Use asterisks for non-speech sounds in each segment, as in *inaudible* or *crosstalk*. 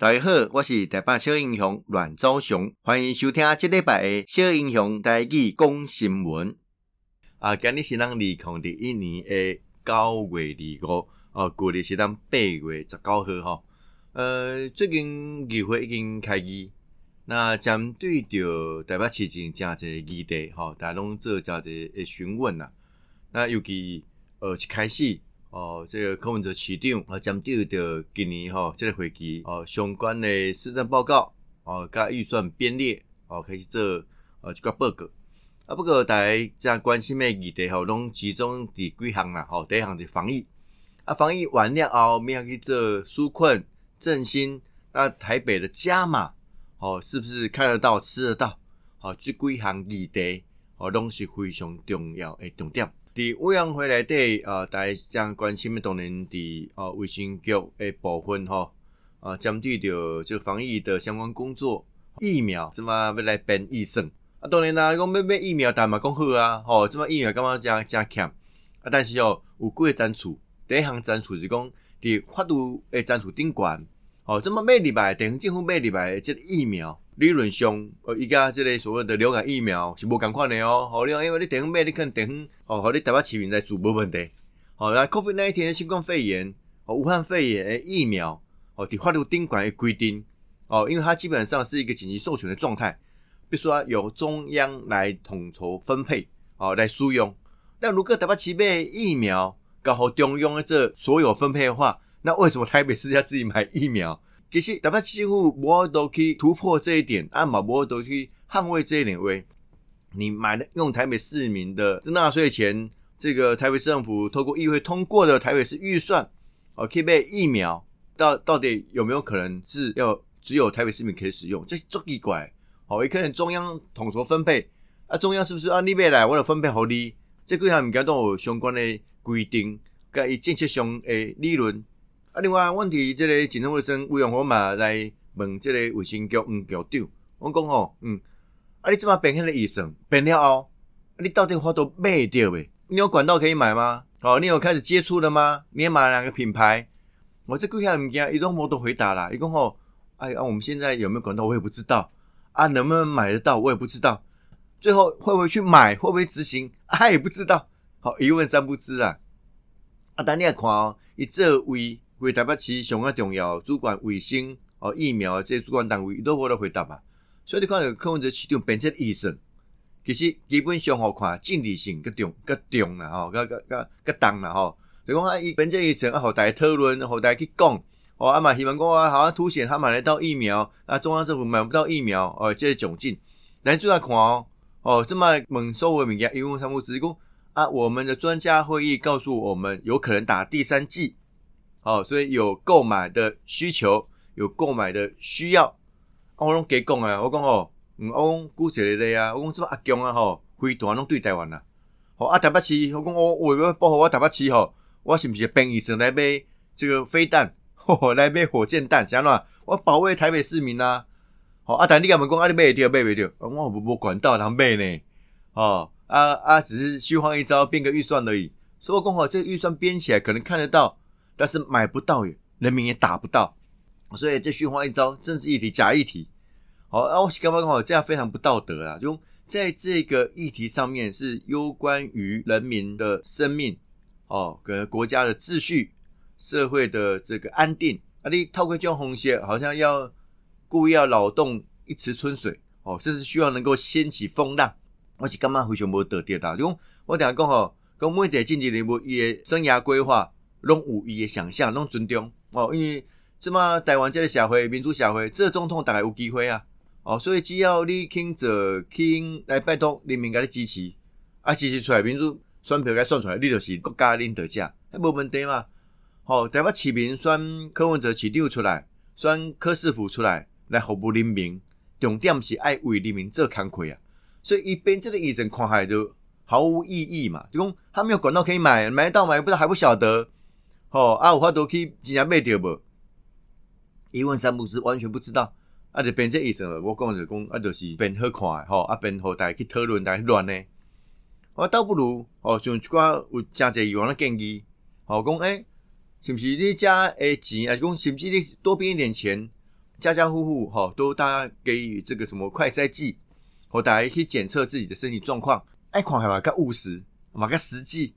大家好，我是台北小英雄阮昭雄，歡迎收聽這禮拜誒小英雄台北講新聞。啊，今日是咱二零二一年誒九月二十五，哦、號，啊，古曆是咱八月十九號，呃，最近議會已經開議，那針對着台北市政真儕議題，哈、哦，大龍做召集一詢問啦，那尤其一、呃、開始。哦，這個柯文哲市長啊，針對着今年吼、哦、這個會期哦，相關的市政報告哦，甲預算編列哦，開始做哦，這個報告。啊，不過大家正關心咩議題吼，攏、哦、集中佇幾項啦吼，第一項是防疫。啊，防疫完了後，面向去做紓困振興。那、啊、台北的加碼，哦，是不是看得到、吃得到？吼、哦，這幾項議題哦，攏是非常重要的重點。佇烏陽回來的啊，大家像關心的，當然佇啊衛生局誒部分吼、哦、啊，針對着個防疫的相關工作，疫苗怎麼要來編預算啊？當然啦、啊，講買買疫苗大家嘛，講好啊，吼、哦，怎麼疫苗感覺加加欠啊？但是吼、哦、有幾個政策，第一項政策是講佇法度誒政策頂懸，吼、哦，怎麼每禮拜，地方政府每禮拜即疫苗。理論上，呃，依家這類所謂的流感疫苗是無咁快的哦，喔。吼，你因為你等下沒你可能等，哦，吼你台北市民在主冇問題。吼，哦，來 COVID 那一天的新冠肺炎，哦，武漢肺炎的疫苗，哦，得花露丁管規定，哦，因為它基本上是一個緊急授權的狀態，必須要由中央來統籌分配，哦，來使用。那如果台北市買的疫苗，剛好中央的這所有分配的話，那為什麼台北市要自己買疫苗？其實，大家幾乎無法度去突破這一點，啊，無法度去捍衛這一點。喂，你買的用台北市民的納稅錢，這個台北政府透過議會通過的台北市預算，好、哦，去買疫苗，到到底有沒有可能是要只有台北市民可以使用？這是足奇怪。好、哦，也可能中央統籌分配，啊，中央是不是按、啊、你邊來，我的分配合理？這個項物件都有相關的規定，加以政策上的理論。啊，另外問題，這個健康衛生委員會嘛來問，這個衛生局嗯局長，我講哦，嗯，啊，你這麼病害的醫生，病害哦，你到底花多買掉沒？你有管道可以買嗎？好、哦，你有開始接觸了嗎？你也買了哪個品牌？我這句下來物件，伊攏無法度回答啦。伊講哦，哎呀、啊，我們現在有沒有管道，我也不知道啊，能不能買得到，我也不知道。最後會不會去買，會不會執行，他、啊、也不知道。好、哦，一問三不知啊。啊，等你來看哦，一這位。為台北市上啊重要主管衛生哦疫苗這主管單位都無得回答嘛，所以你看到看這市場本質醫生，其實基本上我看政治性較重較重啦吼，較較較較重啦吼，就講啊，本質醫生啊，後台家討論，學大家去講哦。啊嘛希望講啊，哦，好像凸顯他買得到疫苗，啊中央政府買不到疫苗哦，這，啊，窘境。來主要看哦哦，這麼猛收的物件，因為三木職講啊，我們的專家會議告訴我們，有可能打第三劑。哦，所以有購買的需求，有購買的需要，我攏給講哎，我講吼，嗯，我講姑姐的啊，我講什麼阿強啊吼，飛彈攏對台灣吶，吼，阿台北市，我講哦，為要保護我台北市吼，我是不是編預算來買這個飛彈，吼來買火箭彈，怎啊？我保衛台北市民吶，吼，阿但你敢問講阿你買一條買未着？我無管道倘買呢，吼，阿阿只是虛晃一招，編個預算而已，所以我講吼，這預算編起來可能看得到。但是買不到也，人民也打不到，所以這虛晃一招，政治議題假議題。好，啊，我幹嘛剛好這樣非常不道德啊！就在這個議題上面是攸關於人民的生命，哦，跟國家的秩序、社會的這個安定，啊，你透過這種紅線，好像要故意要擾動一池春水，哦，甚至希望能夠掀起風浪。我起幹嘛非常不道德的啦！我等下講好，講每個政治人物也生涯規劃。攏有一誒想象，攏尊重哦，因為即麼台灣即個社會民主社會，這總統大概有機會啊哦，所以只要你肯做，肯來拜託人民甲你支持，啊支持出來民主選票甲你選出來，你著是國家領導者，迄、啊、無問題嘛。吼、哦，台灣市民選柯文哲市長出來，選柯世福出，出來，來服務人民，重點是愛為人民做工作啊。所以伊邊這個醫生看起來著毫無意義嘛，就講他沒有管道可以買，買得到買不到還不曉得。吼、哦、啊，有法度去，真正買著無？一問三不知，完全不知道。啊，就變這個意思咯。我講就講，啊，就是變好看，誒、哦。吼啊，變互大家去討論大亂呢。我、啊、倒不如，吼、哦，像即款有誠濟有閒咧建議，吼、哦，講哎、欸，是毋是你遮哎錢啊？講是毋是你多編一點錢？家家戶戶，吼、哦，都大家給予這個什麼快篩劑，互大家去檢測自己的身體狀況，愛看係嘛較務實，嘛較實際。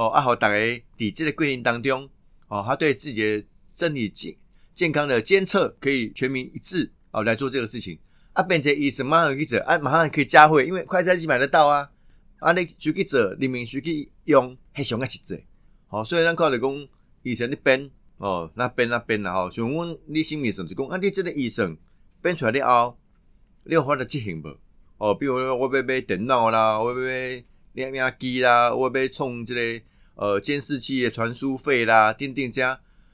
哦，啊互逐個，佇即個過程當中，哦，他對自己的身體健健康的監測可以全民一致哦來做這個事情。啊，變成醫生馬上去做，啊，馬上去教會，因為快餐機買得到啊，啊，你手去做，你名手去用，迄種個實在。哦，所以咱看著講，醫生你變，哦，那變啊變啦吼。像阮李新明上就講，啊，你即個醫生變出來了後，你有法度執行無？哦，比如說我要買電腦啦，我要買攝影機啦，我要創即、這個。呃，監視器的傳輸費啦，等等這，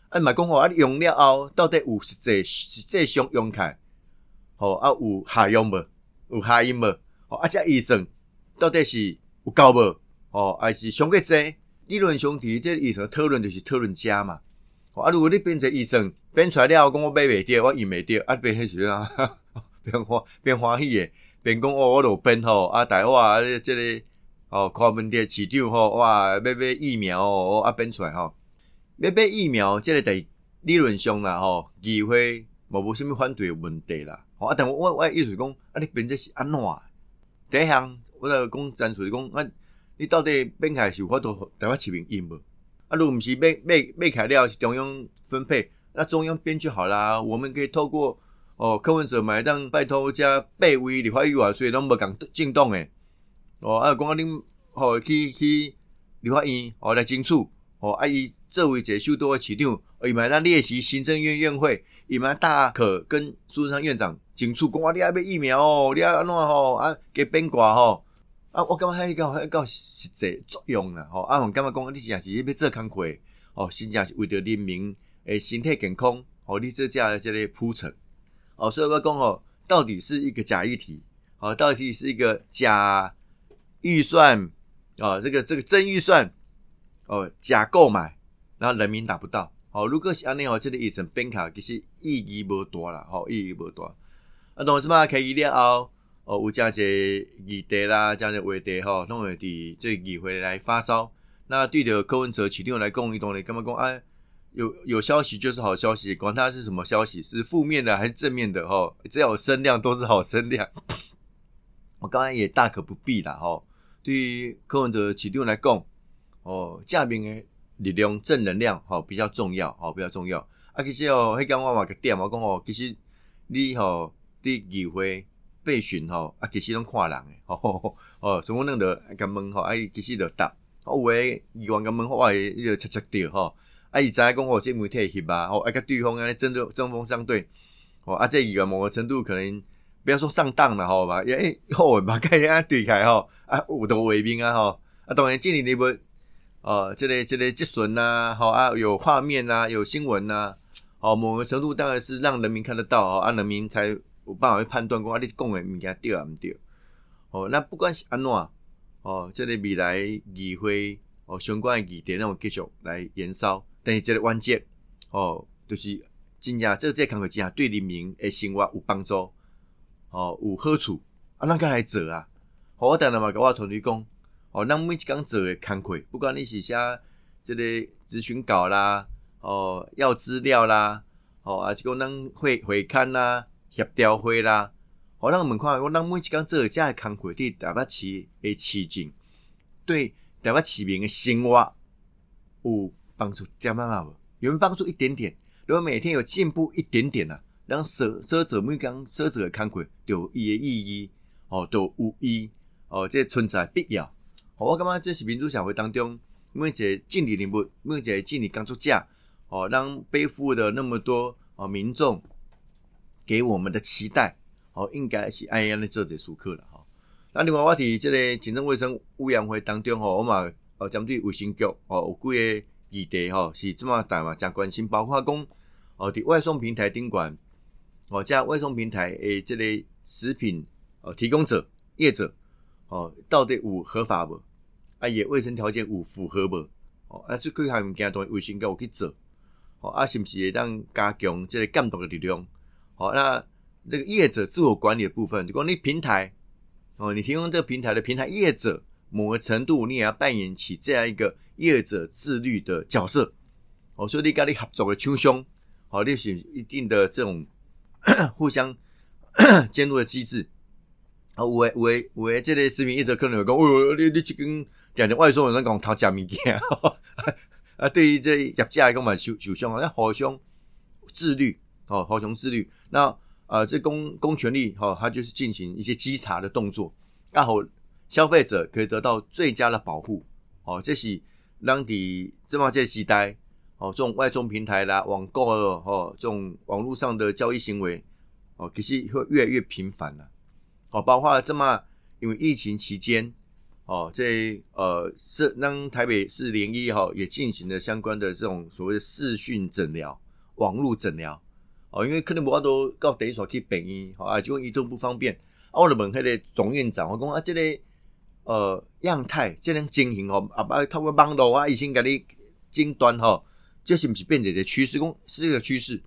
啊，咪講吼，啊，你用了後，到底有實際實際上用開，吼、哦，啊有有，有下用無？有下用無？吼，啊，只預算到底是有夠無？吼、哦。啊，是上過濟？理論上佇即個預算討論就是討論價嘛。吼。啊，如果你變成預算，變出來了，我講我買袂着，我用袂着啊變呵呵，變迄時陣啊，變花變歡喜嘅，變講哦、喔，我我有邊吼，啊，台灣啊，即、這個。哦，看問題，市長吼哇，要買疫苗哦，啊變出來吼，買買疫苗，即、啊哦這個在理論上啦吼，機、哦、會無無甚物反對誒問題啦。吼啊，但我我意思講，啊，你變者是安怎？第一項，我來講講戰術講啊，你到底變開是有法度互台灣市民用無啊，若毋是買買，買買開了，是中央分配，那中央變就好啦。我們可以透過哦，柯文哲嘛會當拜托，加八位的發育啊，所以攏無共進動誒。哦，啊，講、哦哦哦、啊，恁吼去去留法院吼來爭取吼。啊伊作為一個首都的市長，伊嘛咱列席行政院院會，伊嘛大可跟蘇貞昌院長爭取講話，你要買疫苗哦，你要安怎吼啊？計變卦吼啊！我感覺迄個講還實際作用啦，吼！啊，我感覺講、哎哎哎哎哎哎啊啊、你真正是要做工課，吼、哦，真正是為着人民誒身體健康，哦，你做這個這咧鋪陳，吼、哦。所以我講吼、哦，到底是一個假議題，吼、哦，到底是一個假。預算哦，這個這個真預算哦，假購買，然後人民達不到。哦，如果是安尼話，這裡一層邊卡就是意義無大啦。好、哦，意義無大。啊，同時嘛，可以了哦。哦，有這些議題啦，這些問題哈、哦，都會第這幾回來發燒。那對的，柯文哲一動，請另來共一棟，你幹嘛共啊？有有消息就是好消息，管他是什麼消息，是負面的還是正面的哦，只要有聲量都是好聲量。 *laughs* 我剛才也大可不必啦，哦。對於柯文哲市長來講，哦，正面的力量、正能量，哈、哦，比較重要，哈、哦，比較重要。啊，其實哦，迄間我嘛個店，我講哦，其實你吼佇議會備詢吼啊，其實攏看人誒，吼吼吼哦，什麼弄得敢問，吼啊，伊其實就答，啊、有誒，議員敢問，我話伊就恰恰對，吼啊，伊知影講哦，即個媒體翕啊，吼，啊，甲、啊哦哦、對方安尼針對，針鋒相對，吼、哦，啊，這一個議員某個程度可能。不要說上當了，好、欸、吧？因為後尾嘛，開安啊對開吼，啊，有都為民啊吼，啊，當然這裡你不哦，這裡這裡資損吶，吼，啊，有畫面吶、啊，有新聞吶、啊，好、呃，某個程度當然是讓人民看得到啊，啊，人民才有辦法去判斷講啊，你講誒物件對啊毋對？哦、呃，那不管是安怎，哦、呃呃，這裡、個、未來議會哦、呃，相關誒議題，讓我繼續來延燒。但是這個關鍵哦，就是增加這這些工作增加對人民誒生活有幫助。哦，有好處啊！咱家來做啊！哦、我等下嘛，甲我同你講，哦，咱每一天做的工課，不管你是寫這個諮詢稿啦，哦，要資料啦，哦，啊，且個咱會會看啦，協調會啦，哦，咱門看，我咱每一天做的這工課，對台北市的市情，對台北市民的生活有幫助點啊？有沒有幫助一點點？如果每天有進步一點點啦、啊。咱設置每工做這個工作，有伊個意義，吼，都有伊，哦，即存在必要。我感覺這是民主社會當中，每一個政治人物，每一個政治工作者，哦，咱背負的那麼多哦，民眾給我們的期待，哦，應該是按樣的做才舒克了哈。那另外我是這個警政衛生委員會當中吼，我嘛哦針對衛生局哦有幾個議題吼是這麼大嘛，真關心，包括講哦，佇外送平台頂管。哦，像外送平台誒，這類食品哦、呃，提供者業者哦，到底有合法不？啊，也衛生條件有符合不？哦，啊，就佫喊唔加同衛生局我去做，哦，啊，是不是會當加強這個監督的力量？哦，那那個業者自我管理的部分，如果你平台哦，你提供這個平台的平台業者，某個程度你也要扮演起這樣一個業者自律的角色。哦，所以你甲你合作的廠商，哦，你選一定的這種。 *coughs* 互相監督 *coughs* 的機制，啊，喂喂喂這類視頻一直可能有講，哎、哦、呦，你、你去跟點點外省有人講討價咪價，啊， *laughs* 對於這業界來講嘛，就就像好像互相自律，哦，互相自律。那啊、呃，這公公權力哦，它，就是進行一些稽查的動作，然後消費者可以得到最佳的保護，哦，這是讓你芝麻這些期待哦，這種外送平台啦，網購哦，這種網絡上的交易行為哦，其實會越來越頻繁了。哦，包括這麼，因為疫情期間哦，這呃是當台北市聯醫哈也進行了相關的這種所謂的視訊診療、網絡診療哦，因為可能無阿多到診所去北醫、哦，啊，就移動不方便。我問迄個總院長，我講啊，即個呃樣態，即樣經營哦，阿爸透過網絡啊，醫生甲你診斷吼。這是不是變解的趨勢？公是這個趨勢，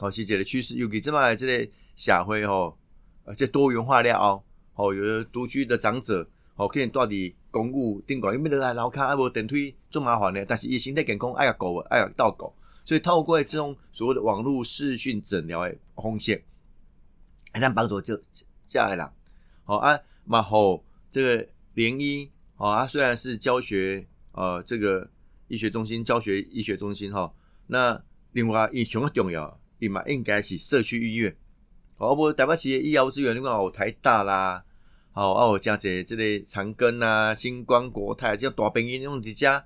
哦是者的趨勢。尤其這麼這類社會吼，而且多元化了哦，哦有獨居的長者，哦可以住佇公寓頂高，因為落來樓卡我等電梯做麻煩呢。但是伊身體健康愛個搞，愛個到狗，所以透過這種所謂的網絡視訊診療的風險，還能幫助這這就下來了。好啊，嘛後這個聯一哦，啊，好、這個、哦啊雖然是教學，呃，這個。醫學中心、教學醫學中心，吼，那另外一重要，伊嘛應該是社區醫院，哦、喔，無台北市醫療資源另外台大啦，哦、喔，啊，我加在這類長庚啊、新光國泰這樣、個、大病醫院只家，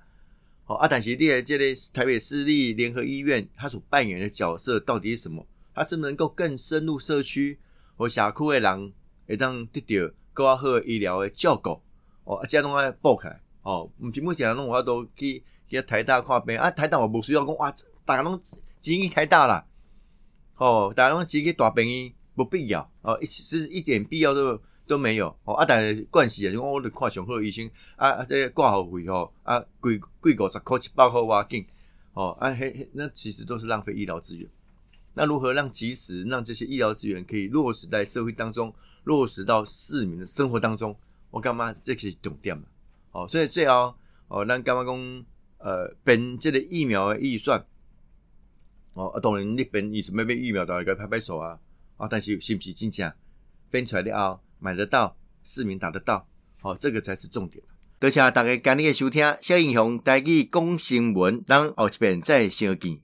哦、喔、啊，但是你來這類台北市立聯合醫院，它所扮演的角色到底是什麼？它是能夠更深入社區，和轄區誒人，誒，讓得到更好的醫療誒照顧，哦、喔，啊，加攏愛爆開，哦、喔，唔，全部只人攏話都有去。記台大看病啊，台大我不需要講哇，大家攏只去台大啦，哦，大家攏只去大病院，不必要哦，一其實一點必要都都沒有哦啊，大家關係啊、就是，我我得看上好的醫生啊，這些哦、啊這掛號費哦啊貴貴五十塊一百塊哇勁哦，哎、啊、嘿、嘿，那其實都是浪費醫療資源。那如何讓及時讓這些醫療資源可以落實在社會當中，落實到市民的生活當中？我覺得，這是重點嘛？哦，所以最後哦，咱覺得講，呃，編這個疫苗的預算，哦，當然那邊也是買買疫苗的，當然該拍拍手啊，啊、哦，但是是不是真正分出來的，買得到，市民打得到，好、哦，這個才是重點。多謝大家今日嘅收聽，小英雄帶去講新聞，等後一遍再相見。